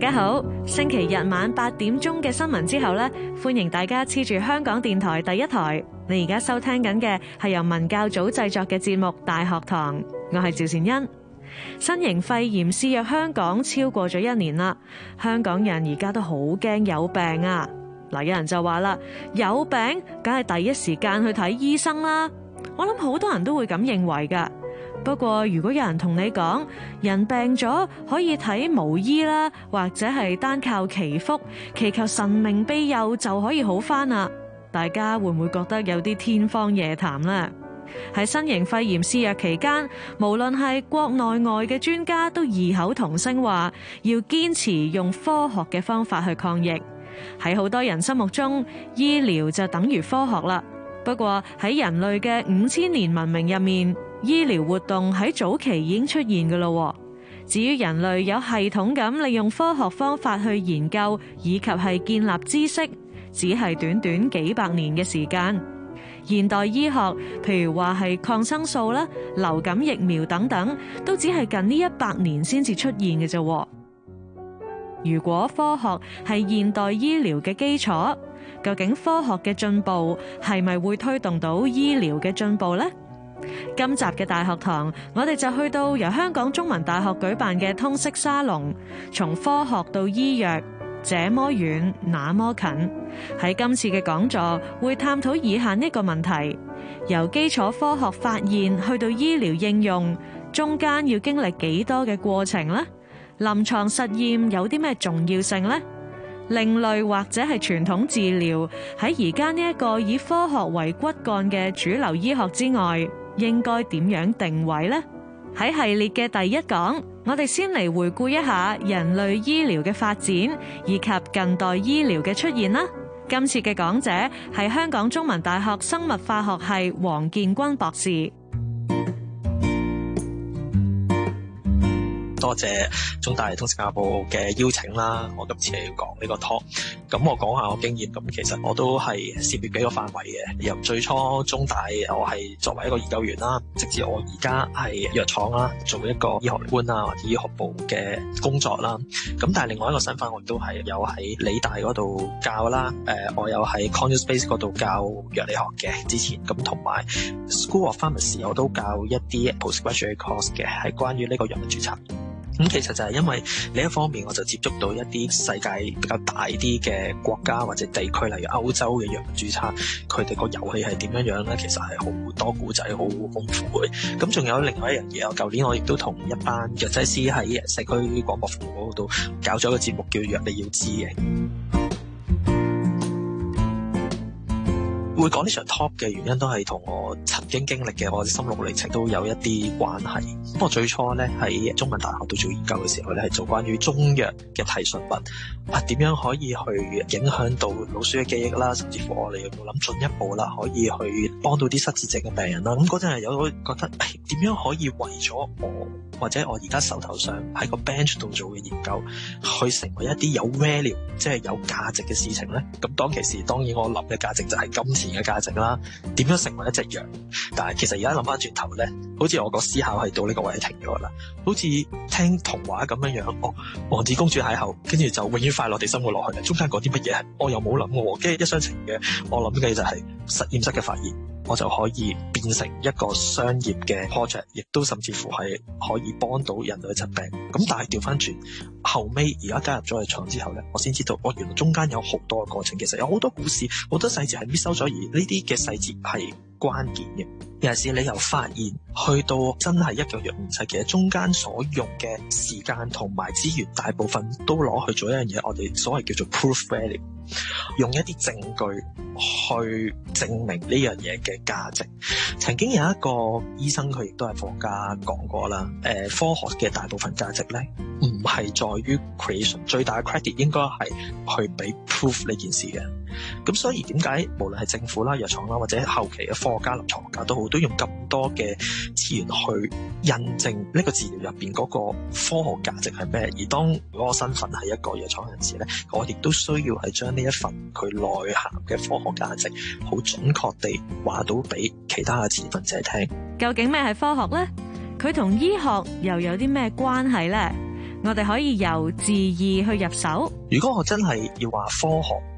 大家好，星期日晚八點鐘嘅新聞之後咧，歡迎大家黐住香港電台第一台。你而家收聽緊嘅係由文教組製作嘅節目《大學堂》，我係趙善恩。新型肺炎肆虐香港超過咗一年啦，香港人而家都好驚有病啊！嗱，有人就話啦，有病梗係第一時間去睇醫生啦。我諗好多人都會咁認為㗎。不過，如果有人同你講，人病咗可以睇巫醫啦，或者係單靠祈福、祈求神明庇佑就可以好返啦，大家會唔會覺得有啲天方夜譚呢？喺新型肺炎肆虐期間，無論係國內外嘅專家都異口同聲話要堅持用科學嘅方法去抗疫。喺好多人心目中，醫療就等於科學啦。不過喺人類嘅五千年文明入面，醫療活動喺早期已經出現嘅咯，至於人類有系統咁利用科學方法去研究以及係建立知識，只係短短幾百年嘅時間。現代醫學，譬如話係抗生素啦、流感疫苗等等，都只係近呢一百年先至出現嘅啫。如果科學係現代醫療嘅基礎，究竟科學嘅進步係咪會推動到醫療嘅進步呢？今集嘅大學堂，我哋就去到由香港中文大學舉辦嘅通識沙龍，從科學到醫藥，這麼遠、那麼近。喺今次嘅講座會探討以下呢個問題：由基礎科學發現去到醫療應用，中間要經歷幾多嘅過程呢？臨床實驗有啲咩重要性呢？另類或者係傳統治療喺而家呢一個以科學為骨幹嘅主流醫學之外。應該點樣定位呢？喺系列嘅第一講，我哋先嚟回顧一下人類醫療嘅發展，以及近代醫療嘅出現啦。今次嘅講者係香港中文大學生物化學系王建鈞博士。多謝中大通識教育部嘅邀請啦，我今次嚟要講呢個 talk。咁我講下我經驗。咁其實我都係涉獵幾個範圍嘅。由最初中大，我係作為一個研究員啦，直至我而家係藥廠啦，做一個醫學官啊，或者醫學部嘅工作啦。咁但係另外一個身份，我亦都係有喺理大嗰度教啦。誒、呃，我有喺 Concord Space 嗰度教藥理學嘅。之前咁同埋 School of Pharmacy，我都教一啲 Postgraduate Course 嘅，係關於呢個藥物註冊。咁其實就係因為呢一方面，我就接觸到一啲世界比較大啲嘅國家或者地區，例如歐洲嘅藥物注冊，佢哋個遊戲係點樣樣咧？其實，係好多古仔好豐富嘅。咁仲有另外一樣嘢，我舊年我亦都同一班藥劑師喺社區廣播服務度搞咗個節目叫，叫藥你要知嘅。會講呢場 top 嘅原因都係同我曾經經歷嘅我心路歷程都有一啲關係。不過我最初呢，喺中文大學度做研究嘅時候，我哋係做關於中藥嘅提純物，啊點樣可以去影響到老鼠嘅記憶啦、啊，甚至乎我哋有冇諗進一步啦、啊，可以去幫到啲失智症嘅病人啦。咁嗰陣係有覺得，誒、哎、點樣可以為咗我？或者我而家手頭上喺個 bench 度做嘅研究，去成為一啲有 value 即係有價值嘅事情咧，咁當其時當然我諗嘅價值就係金錢嘅價值啦。點樣成為一隻羊？但係其實而家諗翻轉頭咧，好似我個思考係到呢個位停咗啦，好似聽童話咁樣樣，哦，王子公主邂逅，跟住就永遠快樂地生活落去。中間嗰啲乜嘢？我又冇諗過，跟住一廂情願。我諗嘅就係實驗室嘅發現。我就可以變成一個商業嘅 project，亦都甚至乎係可以幫到人類嘅疾病。咁但係調翻轉，後尾而家加入咗去廠之後呢，我先知道我原來中間有好多過程，其實有好多故事、好多細節係 miss 收咗，而呢啲嘅細節係，關鍵嘅，尤其是你由發現去到真係一個藥唔使，其實中間所用嘅時間同埋資源，大部分都攞去做一樣嘢，我哋所謂叫做 proof value，用一啲證據去證明呢樣嘢嘅價值。曾經有一個醫生佢亦都係科學家講過啦，誒，科學嘅大部分價值咧，唔係在於 creation，最大嘅 credit 應該係去俾 proof 呢件事嘅。咁，所以點解無論係政府啦、藥廠啦，或者後期嘅科學家、藥學家都好，都用咁多嘅資源去印證呢個治療入邊嗰個科學價值係咩？而當嗰個身份係一個藥廠人士咧，我亦都需要係將呢一份佢內涵嘅科學價值，好準確地話到俾其他嘅持份者聽。究竟咩係科學呢？佢同醫學又有啲咩關係呢？我哋可以由字義去入手。如果我真係要話科學。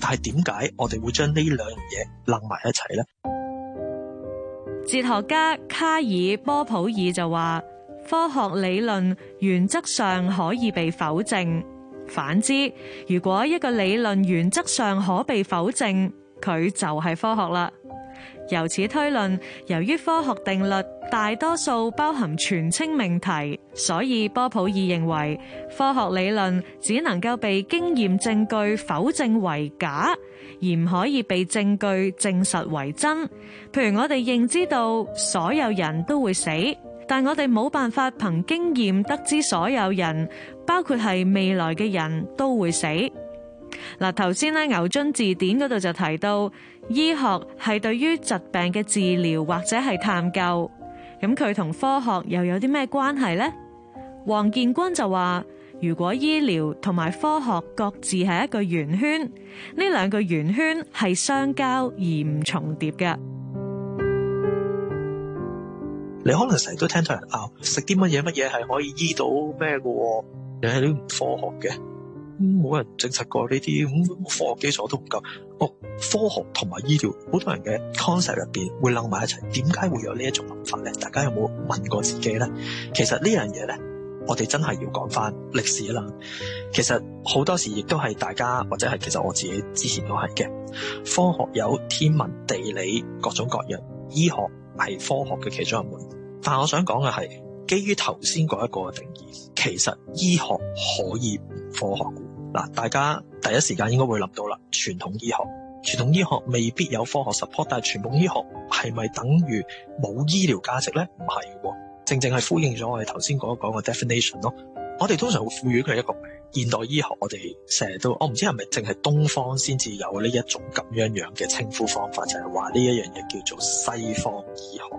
但係點解我哋會將呢兩樣嘢楞埋一齊呢？哲學家卡爾波普爾就話：科學理論原則上可以被否證。反之，如果一個理論原則上可被否證，佢就係科學啦。由此推論，由於科學定律大多數包含全稱命題，所以波普爾認為科學理論只能夠被經驗證據否證為假，而唔可以被證據證實為真。譬如我哋認知到所有人都會死，但我哋冇辦法憑經驗得知所有人，包括係未來嘅人都會死。嗱，頭先咧牛津字典嗰度就提到，醫學係對於疾病嘅治療或者係探究，咁佢同科學又有啲咩關係呢？王建鈞就話，如果醫療同埋科學各自係一個圓圈，呢兩個圓圈係相交而唔重疊嘅。你可能成日都聽到人鬧，食啲乜嘢乜嘢係可以醫到咩、哦、你係，都唔科學嘅。冇、嗯、人證實過呢啲，咁、嗯、科學基礎都唔夠。個、哦、科學同埋醫療好多人嘅 concept 入邊會冧埋一齊，點解會有呢一種諗法呢？大家有冇問過自己呢？其實呢樣嘢呢，我哋真係要講翻歷史啦。其實好多時亦都係大家或者係，其實我自己之前都係嘅。科學有天文、地理各種各樣，醫學係科學嘅其中一門。但我想講嘅係，基於頭先嗰一個定義，其實醫學可以唔科學。嗱，大家第一時間應該會諗到啦，傳統醫學，傳統醫學未必有科學 support，但係傳統醫學係咪等於冇醫療價值咧？唔係，正正係呼應咗我哋頭先講一講個 definition 咯。我哋通常會賦予佢一個現代醫學，我哋成日都，我唔知係咪淨係東方先至有呢一種咁樣樣嘅稱呼方法，就係話呢一樣嘢叫做西方醫學，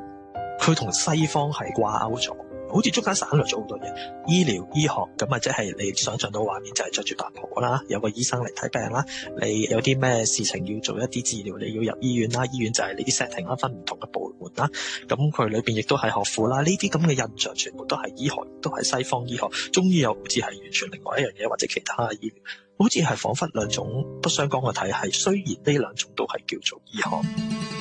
佢同西方係掛鈎咗。好似中間省略咗好多嘢，醫療醫學咁啊，即係你想象到畫面就係着住大袍啦，有個醫生嚟睇病啦，你有啲咩事情要做一啲治療，你要入醫院啦，醫院就係你啲 setting 啦，分唔同嘅部門啦，咁佢裏邊亦都係學府啦，呢啲咁嘅印象全部都係醫學，都係西方醫學，中醫又好似係完全另外一樣嘢，或者其他嘅醫療，好似係彷彿兩種不相干嘅體系，雖然呢兩種都係叫做醫學。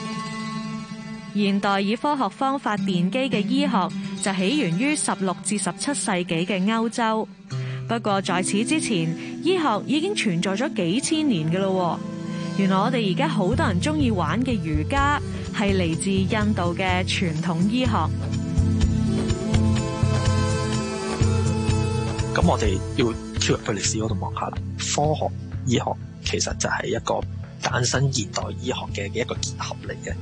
現代以科學方法奠基嘅醫學就起源於十六至十七世紀嘅歐洲。不過在此之前，醫學已經存在咗幾千年嘅咯。原來我哋而家好多人鍾意玩嘅瑜伽係嚟自印度嘅傳統醫學。咁我哋要跳入去歷史嗰度望下。科學醫學其實就係一個誕生現代醫學嘅嘅一個結合嚟嘅。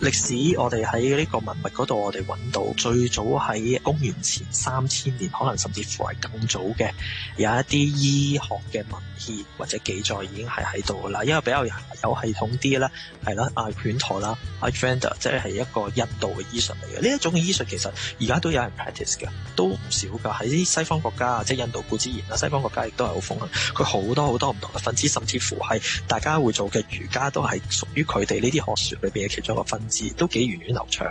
歷史我哋喺呢個文物嗰度，我哋揾到最早喺公元前三千年，可能甚至乎係更早嘅，有一啲醫學嘅文獻或者記載已經係喺度噶啦。因為比較有系統啲咧，係啦，阿、啊、犬陀啦，阿阿憲德，即係一個印度嘅醫術嚟嘅。呢一種嘅醫術其實而家都有人 practice 嘅，都唔少㗎。喺西方國家啊，即係印度古之言啦，西方國家亦都係好風行。佢好多好多唔同嘅分支，甚至乎係大家會做嘅瑜伽都係屬於佢哋呢啲學術裏邊嘅其中一個分。都幾源遠流長，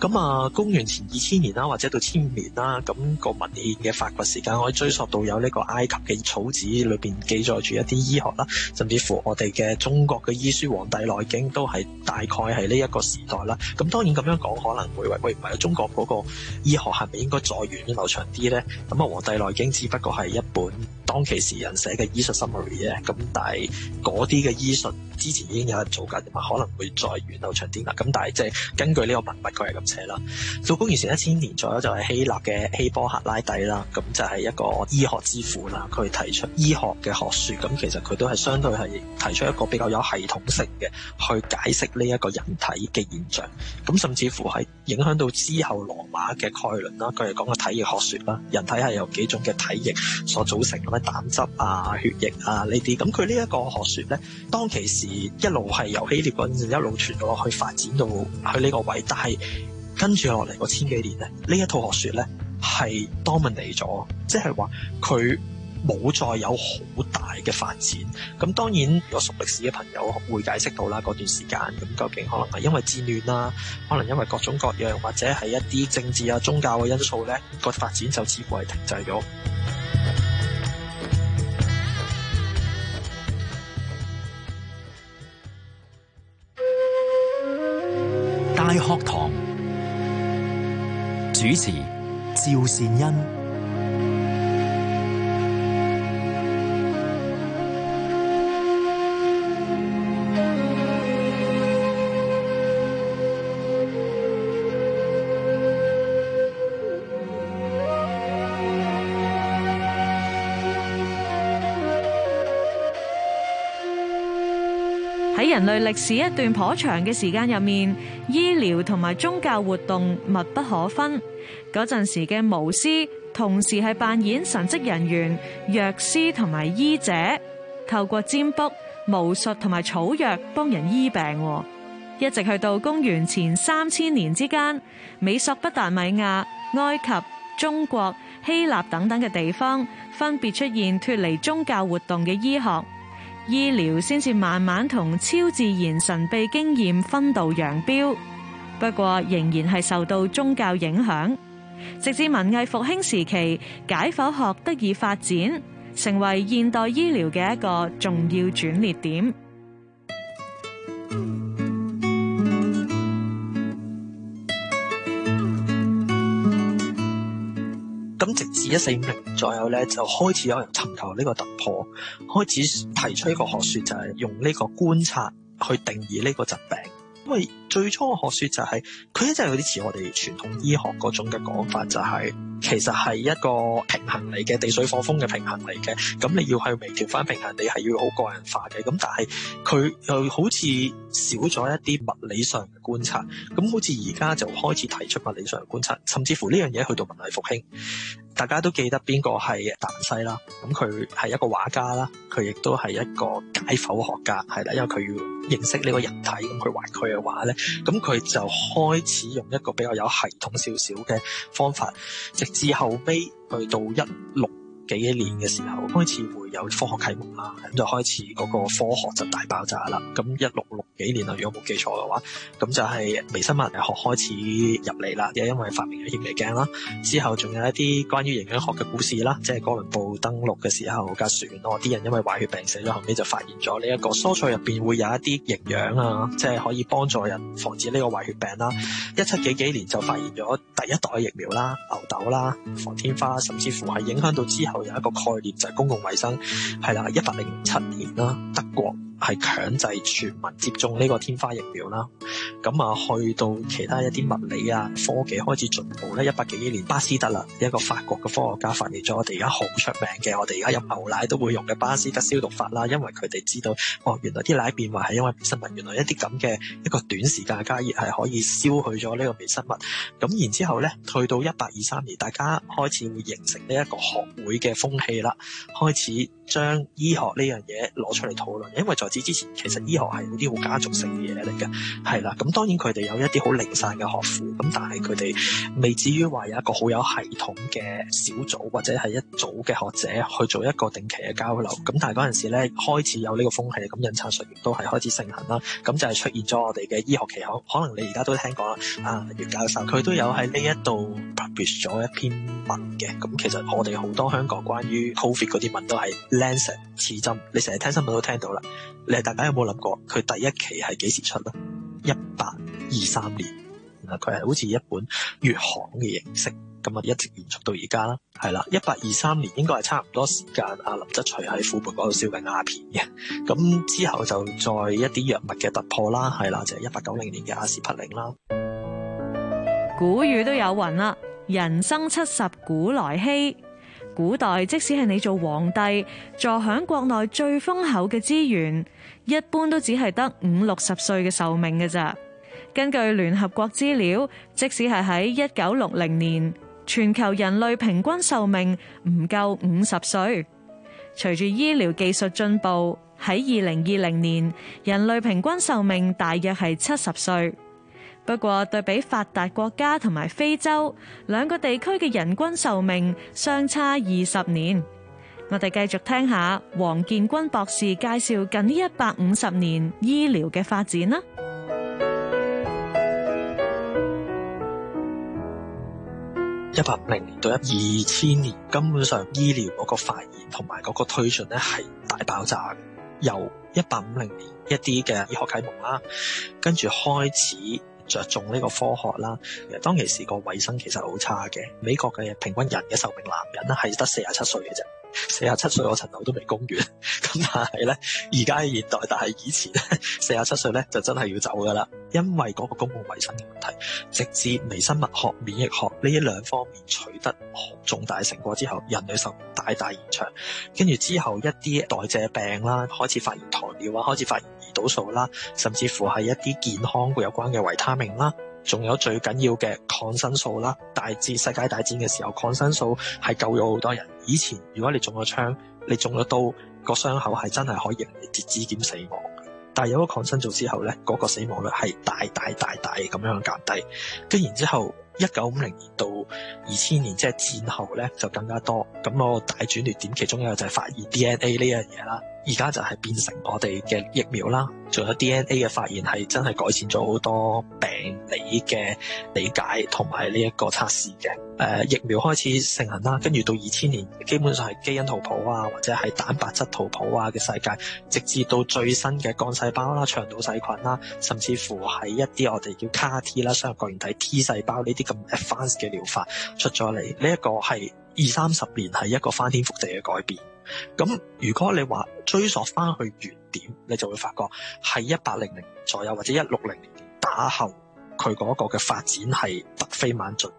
咁啊公元前二千年啦、啊，或者到千年啦、啊，咁、那個文獻嘅發掘時間可以追溯到有呢個埃及嘅草紙裏邊記載住一啲醫學啦、啊，甚至乎我哋嘅中國嘅醫書《黃帝內經》都係大概係呢一個時代啦、啊。咁當然咁樣講，可能會話喂唔係中國嗰個醫學係咪應該再源遠流長啲呢？咁啊，《黃帝內經》只不過係一本。當其時人寫嘅醫術 summary 咧，咁但係嗰啲嘅醫術之前已經有人做緊，可能會再源流長啲啦。咁但係即係根據呢個文物佢係咁寫啦。到公元前一千年左右就係希臘嘅希波克拉底啦，咁就係一個醫學之父啦。佢提出醫學嘅學説，咁其實佢都係相對係提出一個比較有系統性嘅去解釋呢一個人體嘅現象。咁甚至乎係影響到之後羅馬嘅概論啦，佢係講個體液學説啦，人體係由幾種嘅體液所組成啦。膽汁啊、血液啊呢啲，咁佢呢一個學説呢，當其時一路係由希臘嗰陣一路傳咗落去發展到去呢個位，但係跟住落嚟個千幾年呢，呢一套學說呢，就是、說呢係 dominate 咗，即係話佢冇再有好大嘅發展。咁當然，有熟歷史嘅朋友會解釋到啦，嗰段時間咁究竟可能係因為戰亂啦，可能因為各種各樣或者係一啲政治啊、宗教嘅因素呢，個發展就似乎係停滯咗。大學堂主持趙善恩。人類歷史一段頗長嘅時間入面，醫療同埋宗教活動密不可分。嗰陣時嘅巫師同時係扮演神職人員、藥師同埋醫者，透過占卜、巫術同埋草藥幫人醫病。一直去到公元前三千年之間，美索不達米亞、埃及、中國、希臘等等嘅地方，分別出現脫離宗教活動嘅醫學。醫療先至慢慢同超自然神秘經驗分道揚鑣，不過仍然係受到宗教影響，直至文藝復興時期，解剖學得以發展，成為現代醫療嘅一個重要轉捩點。一四五零左右咧，就開始有人尋求呢個突破，開始提出一個學説，就係用呢個觀察去定義呢個疾病。因為最初嘅學説就係佢一陣有啲似我哋傳統醫學嗰種嘅講法，就係、是、其實係一個平衡嚟嘅，地水火風嘅平衡嚟嘅。咁你要係微調翻平衡，你係要好個人化嘅。咁但係佢又好似少咗一啲物理上嘅觀察。咁好似而家就開始提出物理上嘅觀察，甚至乎呢樣嘢去到文藝復興，大家都記得邊個係達文西啦？咁佢係一個畫家啦，佢亦都係一個解剖學家，係啦，因為佢要認識呢個人體，咁佢畫佢嘅畫咧。咁佢就開始用一個比較有系統少少嘅方法，直至後尾去到一六幾年嘅時候開始。有科學啟蒙啦，咁就開始嗰個科學就大爆炸啦。咁一六六幾年啊，如果冇記錯嘅話，咁就係微生物學開始入嚟啦。又因為發明咗顯微鏡啦，之後仲有一啲關於營養學嘅故事啦，即係哥倫布登陸嘅時候架船，囉，啲人因為壞血病死咗，後尾就發現咗呢一個蔬菜入邊會有一啲營養啊，即係可以幫助人防止呢個壞血病啦。一七幾幾年就發現咗第一代疫苗啦，牛痘啦，防天花，甚至乎係影響到之後有一個概念就係公共衞生。係啦，一百零七年啦，德國。係強制全民接種呢個天花疫苗啦，咁啊去到其他一啲物理啊科技開始進步咧，一百幾年巴斯德啦，一個法國嘅科學家發明咗我哋而家好出名嘅，我哋而家飲牛奶都會用嘅巴斯德消毒法啦，因為佢哋知道哦原來啲奶變壞係因為微生物，原來一啲咁嘅一個短時間嘅加熱係可以消去咗呢個微生物。咁然之後咧，去到一八二三年，大家開始會形成呢一個學會嘅風氣啦，開始，將醫學呢樣嘢攞出嚟討論，因為在此之前其實醫學係有啲好家族性嘅嘢嚟嘅，係啦，咁當然佢哋有一啲好零散嘅學府，咁但係佢哋未至於話有一個好有系統嘅小組或者係一組嘅學者去做一個定期嘅交流，咁但係嗰陣時咧開始有呢個風氣，咁印刷術亦都係開始盛行啦，咁就係出現咗我哋嘅醫學期刊，可能你而家都聽過啦，啊袁教授佢都有喺呢一度 publish 咗一篇文嘅，咁其實我哋好多香港關於 COVID 嗰啲文都係。Lancet 刺針，你成日聽新聞都聽到啦。你大家有冇諗過佢第一期係幾時出咧？一八二三年，然後佢係好似一本月刊嘅形式，咁啊一直延續到而家啦。係啦，一八二三年應該係差唔多時間，阿林則徐喺虎門嗰度燒緊鴉片嘅。咁之後就再一啲藥物嘅突破啦，係啦，就係一八九零年嘅阿士匹靈啦。古語都有云啦，人生七十古來稀。古代即使係你做皇帝，坐響國內最豐厚嘅資源，一般都只係得五六十歲嘅壽命嘅咋。根據聯合國資料，即使係喺一九六零年，全球人類平均壽命唔夠五十歲。隨住醫療技術進步，喺二零二零年，人類平均壽命大約係七十歲。不過對比發達國家同埋非洲兩個地區嘅人均壽命相差二十年，我哋繼續聽下王建鈞博士介紹近呢一百五十年醫療嘅發展啦。一百五零年到一二千年，根本上醫療嗰個發現同埋嗰個推進咧係大爆炸。由一八五零年一啲嘅醫學啟蒙啦，跟住開始。着重呢個科學啦，其實當其時個衞生其實好差嘅。美國嘅平均人嘅壽命，男人咧係得四十七歲嘅啫。四十七歲，我層樓都未供完咁。但係呢，而家喺現代，但係以前四十七歲呢，就真係要走噶啦，因為嗰個公共衛生嘅問題。直至微生物學、免疫學呢一兩方面取得重大成果之後，人類壽命大大延長。跟住之後一啲代謝病啦，開始發現糖尿啊，開始發現胰島素啦，甚至乎係一啲健康有關嘅維他命啦，仲有最緊要嘅抗生素啦。大致世界大戰嘅時候，抗生素係救咗好多人。以前如果你中咗槍，你中咗刀，個傷口係真係可以截肢兼死亡。但係有咗抗生素之後呢，嗰、嗰個死亡率係大大大大咁樣減低。跟然後之後，一九五零年到二千年即係、就是、戰後呢，就更加多。咁我大轉捩點其中一個就係發現 DNA 呢樣嘢啦。而家就係變成我哋嘅疫苗啦。仲有 DNA 嘅發現係真係改善咗好多病理嘅理解同埋呢一個測試嘅。誒、呃、疫苗開始盛行啦，跟住到二千年，基本上係基因圖譜啊，或者係蛋白質圖譜啊嘅世界，直至到最新嘅幹細胞啦、啊、腸道細菌啦、啊，甚至乎喺一啲我哋叫 CAR-T 啦、雙抗原體 T 細胞呢啲咁 advanced 嘅療法出咗嚟。呢、這、一個係二三十年係一個翻天覆地嘅改變。咁如果你話追溯翻去原點，你就會發覺係一八零零左右或者一六零零打後，佢嗰個嘅發展係突飛猛進。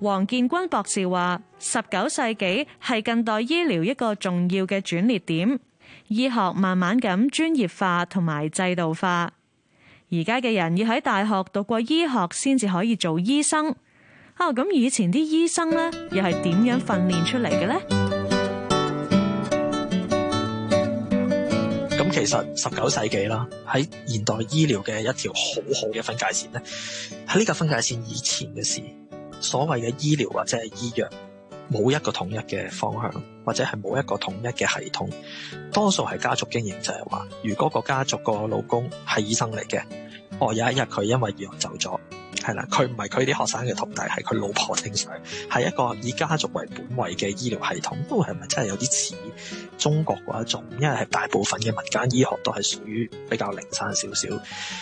王建鈞博士話：十九世紀係近代醫療一個重要嘅轉捩點，醫學慢慢咁專業化同埋制度化。而家嘅人要喺大學讀過醫學先至可以做醫生啊！咁、哦、以前啲醫生呢，又係點樣訓練出嚟嘅呢？咁其實十九世紀啦，喺現代醫療嘅一條好好嘅分界線咧，喺呢個分界線以前嘅事。所謂嘅醫療或者係醫藥，冇一個統一嘅方向，或者係冇一個統一嘅系統，多數係家族經營，就係話，如果個家族個老公係醫生嚟嘅，哦，有一日佢因為藥走咗。係啦，佢唔係佢啲學生嘅徒弟，係佢老婆。正常係一個以家族為本位嘅醫療系統，都係咪真係有啲似中國嗰一種？因為係大部分嘅民間醫學都係屬於比較零散少少，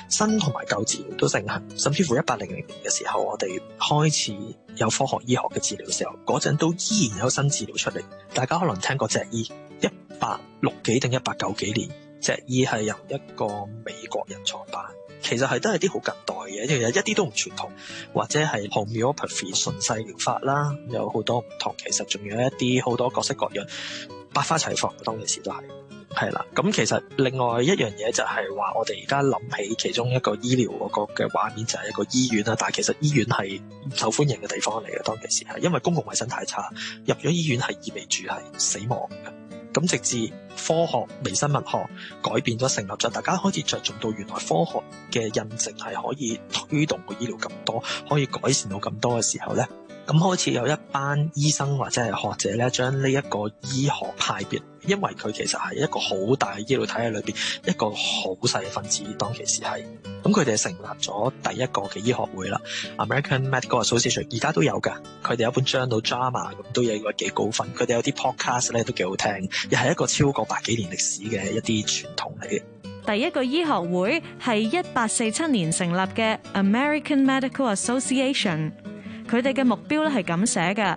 新同埋舊治療都盛行，甚至乎一八零零年嘅時候，我哋開始有科學醫學嘅治療時候，嗰陣都依然有新治療出嚟。大家可能聽過脊醫，一八六幾定一八九幾年，脊醫係由一個美國人創辦。其實係都係啲好近代嘅嘢，其實一啲都唔傳統，或者係 Homeopathy 順勢療法啦，有好多唔同。其實仲有一啲好多各式各樣百花齊放，當其時都係係啦。咁其實另外一樣嘢就係話，我哋而家諗起其中一個醫療嗰個嘅畫面就係一個醫院啦，但係其實醫院係唔受歡迎嘅地方嚟嘅，當其時係因為公共衞生太差，入咗醫院係意味住係死亡。咁直至科學微生物學改變咗，成立咗，大家開始着重到原來科學嘅印證係可以推動個醫療咁多，可以改善到咁多嘅時候呢。咁開始有一班醫生或者係學者呢，將呢一個醫學派別。因為佢其實係一個好大醫療體系裏邊一個好細嘅分子，當其時係咁，佢哋成立咗第一個嘅醫學會啦，American Medical Association，而家都有㗎。佢哋有一本 journal drama 咁，都有個幾高分。佢哋有啲 podcast 咧都幾好聽，又係一個超過百幾年歷史嘅一啲傳統嚟嘅。第一個醫學會係一八四七年成立嘅 American Medical Association，佢哋嘅目標咧係咁寫㗎。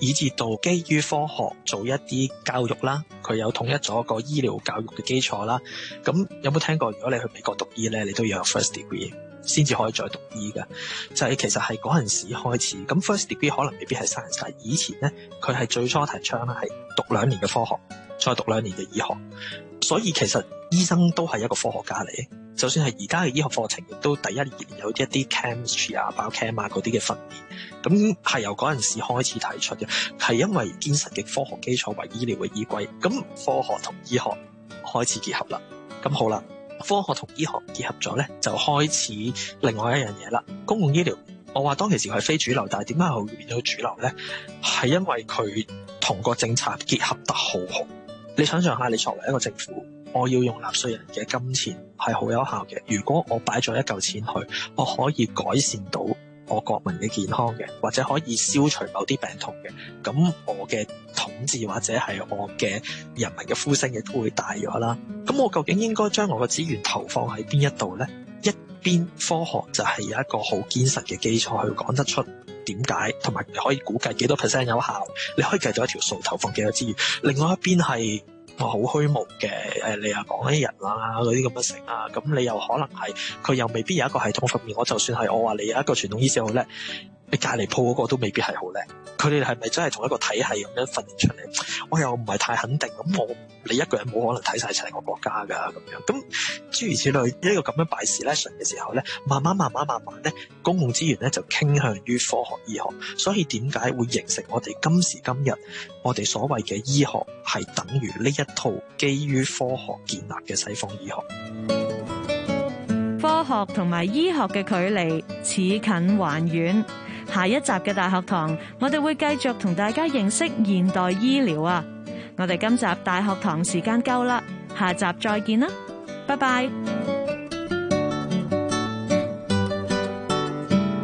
以至到基於科學做一啲教育啦，佢有統一咗個醫療教育嘅基礎啦。咁有冇聽過？如果你去美國讀醫咧，你都要有 first degree 先至可以再讀醫噶。就係、是、其實係嗰陣時開始，咁 first degree 可能未必係 science。以前咧，佢係最初提倡咧係讀兩年嘅科學，再讀兩年嘅醫學。所以其實醫生都係一個科學家嚟。就算係而家嘅醫學課程，亦都第一二年有一啲 chemistry 啊、biochem 啊嗰啲嘅訓練，咁係由嗰陣時開始提出嘅，係因為堅實嘅科學基礎為醫療嘅依歸，咁科學同醫學開始結合啦。咁好啦，科學同醫學結合咗咧，就開始另外一樣嘢啦。公共醫療，我話當其時係非主流，但係點解會變到主流咧？係因為佢同個政策結合得好好。你想象下，你作為一個政府。我要用納稅人嘅金錢係好有效嘅。如果我擺咗一嚿錢去，我可以改善到我國民嘅健康嘅，或者可以消除某啲病痛嘅。咁我嘅統治或者係我嘅人民嘅呼聲亦都會大咗啦。咁我究竟應該將我嘅資源投放喺邊一度呢？一邊科學就係有一個好堅實嘅基礎去講得出點解，同埋可以估計幾多 percent 有效。你可以計到一條數投放幾多資源。另外一邊係。我好虛無嘅，誒你又講起人啦，嗰啲咁嘅成啊，咁、啊、你又可能係佢又未必有一個系統訓練，我就算係我話你有一個傳統醫師好咧。你隔籬鋪嗰個都未必係好叻，佢哋係咪真係同一個體係咁樣訓練出嚟？我又唔係太肯定。咁我你一個人冇可能睇晒成個國家噶咁樣。咁諸如此類呢個咁樣擺試 lesson 嘅時候咧，慢慢慢慢慢慢咧，公共資源咧就傾向於科學醫學。所以點解會形成我哋今時今日我哋所謂嘅醫學係等於呢一套基於科學建立嘅西方醫學？科學同埋醫學嘅距離似近還遠。下一集嘅大學堂，我哋會繼續同大家認識現代醫療啊。我哋今集大學堂時間夠啦，下集再見啦，拜拜。